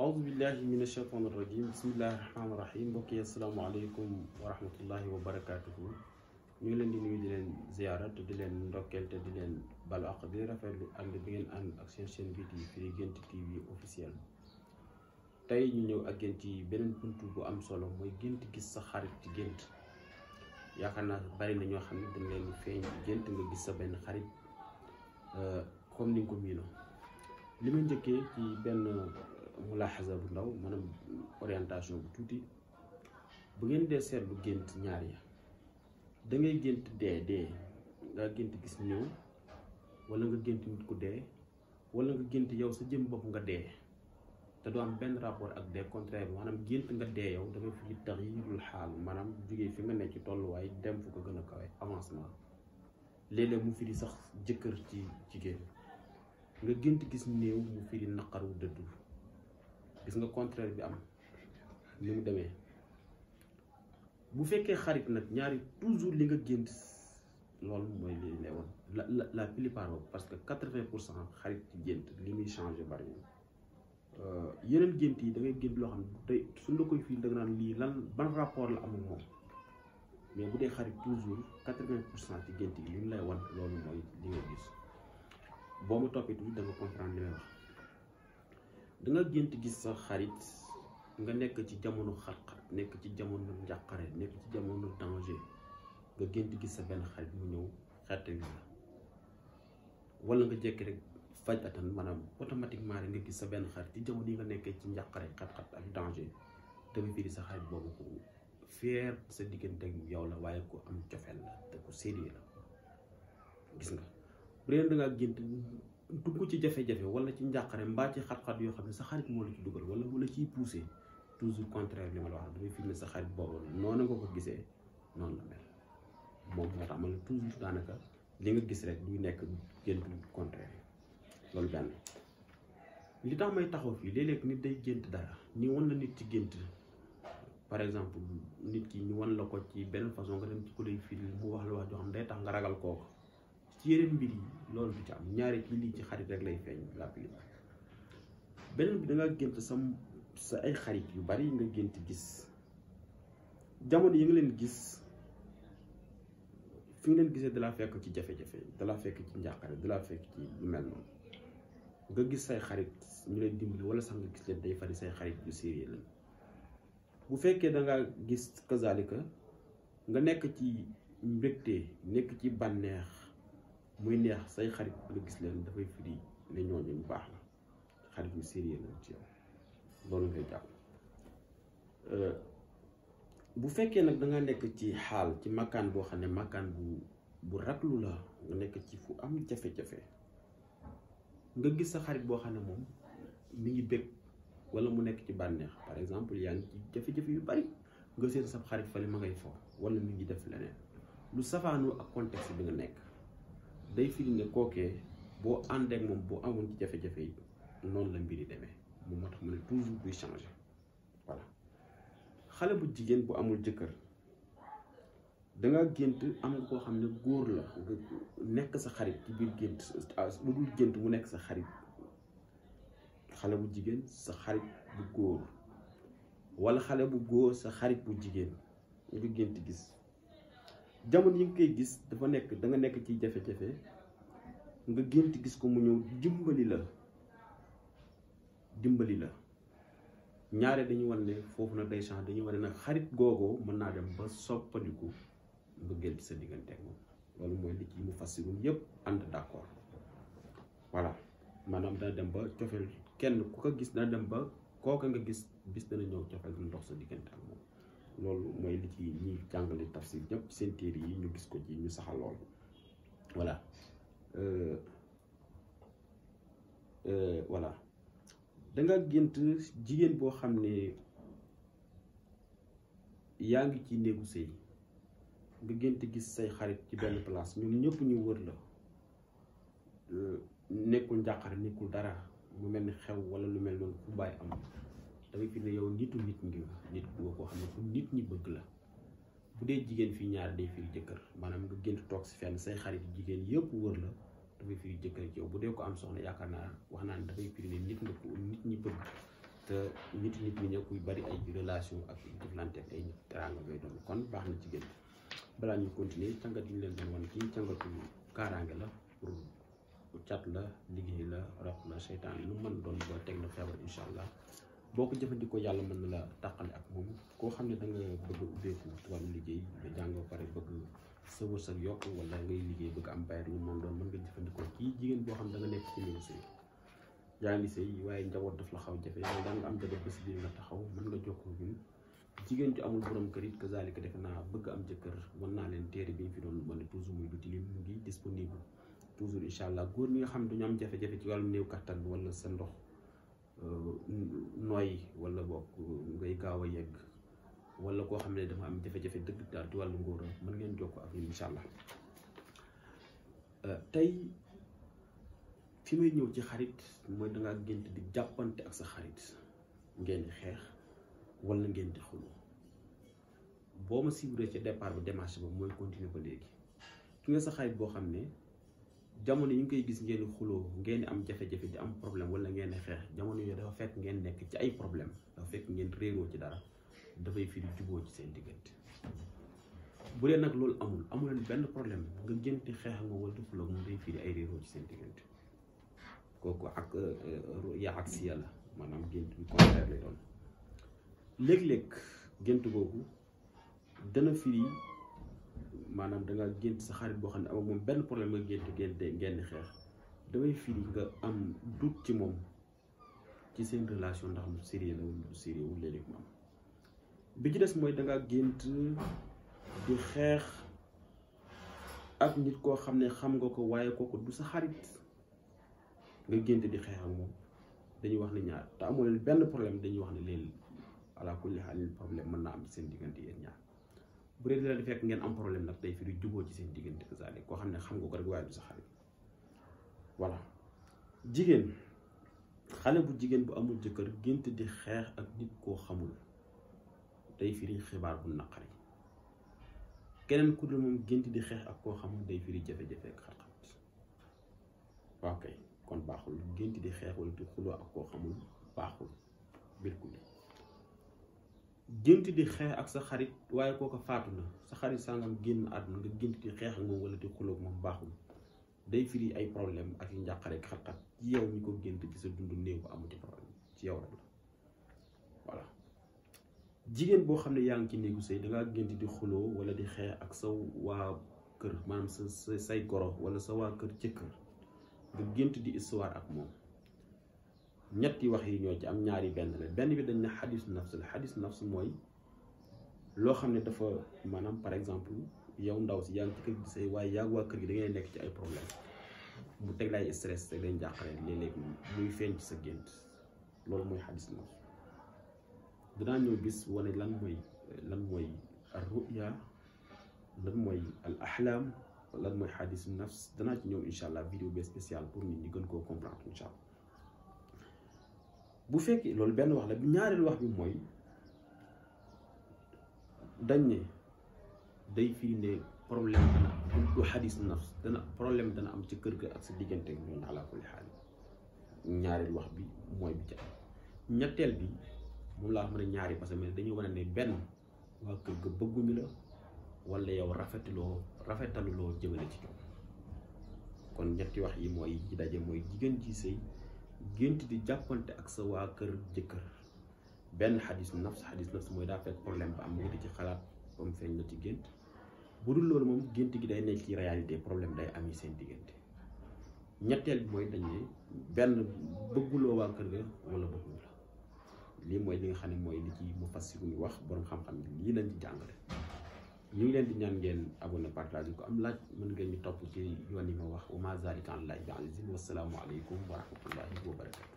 auzu billahi min ashaytaan irrajim bismillahi rahmaani rahim mbokk yi asalaamaaleykum wa rahmatullahi wa barakatuhu ñu ngi leen di nuyu di leen ziyaara te di leen ndokkeel te di leen balu àq di rafetlu ànd bi ngeen ànd ak seen chaîne bii di Firi Guent TV officiel tey ñu ñëw ak gént yi beneen bunt bu am solo mooy gént gis sa xarit ci gént yaakaar naa bari na ñoo xam ne dañ leen feeñ ci gént nga gis sa benn xarit euh, comme ni nga ko miino li ma njëkkee ci benn mulaaxasa bu ndaw maanaam orientation bu tuuti bu ngeen dee seetlu gént ñaar ya da ngay gént dee dee nga gént gis ñëw wala nga gént nit ku dee wala nga yow sa jëm bopp nga dee te du benn rapport ak des contraire bi maanaam gént nga dee yow dafay tax yirul xaal maanaam jugee fi nga nekk ci tolluwaay dem fu ko gën a kawe avancement léeg-léeg mu firi sax jëkkër ci jigéen nga gént gis néew mu firi naqar wu dëddu gis nga contraire bi am ni mu demee bu fekkee xarit nag ñaari toujours li nga gént loolu mooy li ne woon la la la plupart parce que quatre-vingt pour cent xarit ci gént li muy changé bari euh, yeneen gént yi da ngay gént loo xam ne tey suñ la koy fii da nga lii lan ban rapport la amul moom mais bu dee xarit toujours quatre-vingt pour cent ci gént yi li mu lay wan loolu mooy li nga gis boo ma toppee tuuti danga gént gis sa xarit nga nekk ci jamono xat-xat nekk ci jamono njàqare nekk ci jamono danger nga gént gis sa benn xarit mu ñëw xeet wi la wala nga jekki rek faj atan maanaam automatiquement rek nga gis sa benn xarit ci jamono yi nga nekkee ci njàqare xat-xat ak danger te mu firi sa xarit boobu ko feer sa diggante ak yow la waaye ku am cofeel la te ku série la gis nga bu dee dangaa gént dugg ci jafe-jafe wala ci njàqare mbaa ci xat-xat yoo xam ne sa xarit moo la ci dugal wala moo la ciy poussé toujours contraire li ma la wax dafay fi ne sa xarit boobu noonu nga ko gisee noonu moom tax ma la toujours daanaka li nga gis rek du nekk gént contraire loolu benn li tax may taxaw fii léeg-léeg nit day gént dara ñu wan la nit ci gént par exemple nit ki ñu wan la ko ci benn façon nga dem ci ku lay fii mu wax la wax joo xam day tax nga ragal kooku. ci yeneen mbir yi loolu du ci am ñaari ci lii ci xarit rek lay feeñ la plupart beneen bi da gént sa sa ay xarit yu bari nga gént gis jamono yi nga leen gis fi nga leen gisee dalaa fekk ci jafe-jafe dalaa fekk ci njàqare dalaa fekk ci lu mel noonu nga gis say xarit ñu leen dimbali wala sax nga gis leen day fari say xarit yu sérieux lañ bu fekkee da nga gis kazalika nga nekk ci mbégte nekk ci bànneex muy neex say xarit nga gis leen dafay firi ne ñooñu bu baax xarit yu sérieux la ci euh, bu fekkee nag da nga nekk ci xaal ci makkaan boo xam ne makkaan bu bu raglu la nga nekk ci fu am jafe-jafe nga gis sa xarit boo xam ne moom mi ngi bëgg walla mu nekk ci bànneex par exemple yaa ngi ci jafe-jafe yu bari nga seen sa xarit fale ma ngay fo wala mi ngi def leneen lu safaanoo ak contexte bi nga nekk day firi ne kookee boo ànd ak moom boo amoon noonu la mbir demee moom moo tax buy changer voilà bu jigéen bu amul jëkkër danga gént am koo xam ne góor la nekk sa xarit ci biir gént ah lu dul gént mu nekk sa xarit xale bu jigéen sa xarit bu góor walla xale bu góor sa xarit bu jigéen nga gént gis jamono yi nga koy gis dafa nekk da nga nekk ci jafe-jafe nga gént gis ko mu ñëw dimbali la dimbali la ñaare dañu wan ne foofu na day change dañu wane nag xarit googoo mën naa dem ba soppandiku mbëggeel bi sa diggante ak loolu mooy li ci mu fas si fassirul yëpp ànd d'accord voilà maanaam dana dem ba cofeel kenn ku ko gis dana dem ba kooka nga gis bis dana ñëw cofeel dana dox sa diggante ak loolu mooy li ci ñuy jàngale tafsir ñëpp seen téere yi ñu gis ko ci ñu saxal lool voilà euh, euh, voilà da nga gént jigéen boo xam ne yaa ngi ci néegu sëy nga gént gis say xarit ci benn place ñoom ñëpp ñu wër la euh, nekkul njàqare nekkul dara mu mel ni xew wala lu mel noonu fu bàyyi am dafay firnde yow nitu nit ngi nit nga koo xam ne ku nit ñi bëgg la bu dee jigéen fii ñaar day firi jëkkër maanaam nga gént toog si fen say xarit jigéen yëpp wër la dafay firi jëkkër ji yow bu dee ko am soxna yaakaar naa wax naa ne dafay firnde nit nit ñi bëgg te nit nit ñi ñoo kuy bari ay relation ak jëflante ak ay teraanga ngay doon kon baax na jigéen balaa ñu continuer càngat yi ñu leen doon wan kii càngatu kaaraange la pour cat la liggéey la rab la seytaan lu mën doon ba teg na feebar incha allah boo ko jëfandikoo yàlla mën na la tàqale ak moom koo xam ne da nga bëgg ubbeeku wàllu liggéey nga jàng pare bëgg sa wërsëg yokk wala ngay liggéey bëgg am bayre yu moom doon mën nga jëfandikoo kii jigéen boo xam ne da nekk ci néew sëy yaa waaye njaboot daf la xaw jafe da am jabar ba si biir nga taxaw mën nga jokkoo ñun jigéen ju amul borom kër it kazalika defe naa bëgg am jëkkër wan naa leen téere bi ñu fi doon wane toujours muy duti lim mu ngi disponible toujours incha allah góor ñi nga xam ne dañu am jafe-jafe ci wàllum néew kattan wala sa ndox Euh, nooy walla bokk ngay gaaw a yegg wala koo xam ne dama am jafe-jafe dëgg daal ci wàllu ngóora mën ngeen jokkoo ak ñun incha allah euh, tey fi may ñëw ci xarit mooy dangaa gént di jàppante ak sa xarit ngeen xeex wala ngeen di xuloo boo ma siiwuree ca départ ba démarche ba mooy continuer ko léegi ki nga sa xarit boo xam ne jamono yi ngi koy gis ngeen xuloo ngeen am jafe-jafe di am problème wala ngeen xeex jamono yooyu dafa fekk ngeen nekk ci ay problème dafa fekk ngeen réeroo ci dara dafay firi juboo ci seen diggante bu dee nag loolu amul amuleen benn problème nga génti xeex nga wala di xuloo moom day firi ay réeroo ci seen diggante kooku ak euh, euh, yaa ak si yàlla maanaam gént bi contraire lay doon léeg-léeg gént googu dana firi maanaam da gént sa xarit boo xam ne amoo moom benn problème nga gént génte ngeen xeex damay firi nga am doute ci moom ci seen relation ndax mu sérieux la wala du am bi ci des mooy da gént di xeex ak nit koo xam ne xam nga ko waaye kooku du sa xarit nga gént di xeex ak moom dañuy wax ne ñaar te amoo leen benn problème dañuy wax ne leen ala kulli xaalin problème mën naa am ci seen diggante yéen ñaar. bu dee di fekk ngeen am problème nag day firi juboo ci seen diggante kasaalik koo xam ne xam nga ko rek waaye du sa xarit voilà jigéen xale bu jigéen bu amul jëkkër gént di xeex ak nit koo xamul day firi xibaar bu naqari keneen ku dul moom gént di xeex ak koo xamul day firi jafe-jafe ak xat-xat waaw kay kon baaxul gént di xeex wala di xuloo ak koo xamul baaxul bilkul gént di xeex ak sa xarit waaye kooka faatu na sa xarit sangam génn àdduna nga gént di xeex ak moom wala di xuloog moom baaxul day firi ay problème ak yi njàqare ak xat-xat ci yow ko gént ci sa dund néew ba amu ci problème ci yow rek la voilà jigéen boo xam ne yaa ngi ci néegu sëy dangaa gént di xuloo wala di xeex ak sa waa kër maanaam sa say goro wala sa waa kër jëkkër nga gént di histoire ak moom ñetti wax yi ñoo ci am ñaari benn la benn bi dañ ne xadis nafs la xadis nafs mooy loo xam ne dafa maanaam par exemple yow ndaw si yaa ngi ci kër gi waaye yaa waa kër gi da ngay nekk ci ay problème mu teg lay stress teg lay njàqare léeg-léeg muy feeñ ci sa gént loolu mooy xadis nafs dinaa ñëw bis wane lan mooy lan mooy al ruya lan mooy al ahlam lan mooy xadis nafs danaa ci ñëw incha allah vidéo bi spécial pour nit ñi gën koo comprendre incha allah bu fekkee loolu benn wax la bu ñaareelu wax bi mooy dañ ne day firi ne problème dana du xadis nafs dana problème dana am ci kër ga ak sa diggante ñoon ala wax bi mooy ñetteel bi moom laa wax mën a ñaari parce que dañu a ne benn waa kër ga bëgguñu la wala yow rafetaloo rafetaluloo jëmale ci ñoom kon ñetti wax yi mooy yi daje mooy jigéen ci sëy gént di jàppante ak sa waa kër jëkkër benn xadis nafs xadis nafs mooy daa fekk problème ba am wuti ci xalaat ba mu feeñ la ci gént bu dul loolu moom gént gi day nekk ci réalité problème day ami yi seen diggante ñetteel bi mooy dañ ne benn bëgguloo waa kër ga wala bëggul la lii mooy li nga xam ne mooy li ci mu fas wax borom xam-xam lii lañ ci jàngale ñu ngi leen di ñaan ngeen abonné partage yi ko am laaj mën ngeen ñu topp ci yoon yi ma wax wa ma zalika an laaj bi aziz wa salaamu aleykum wa rahmatullahi wa barakatu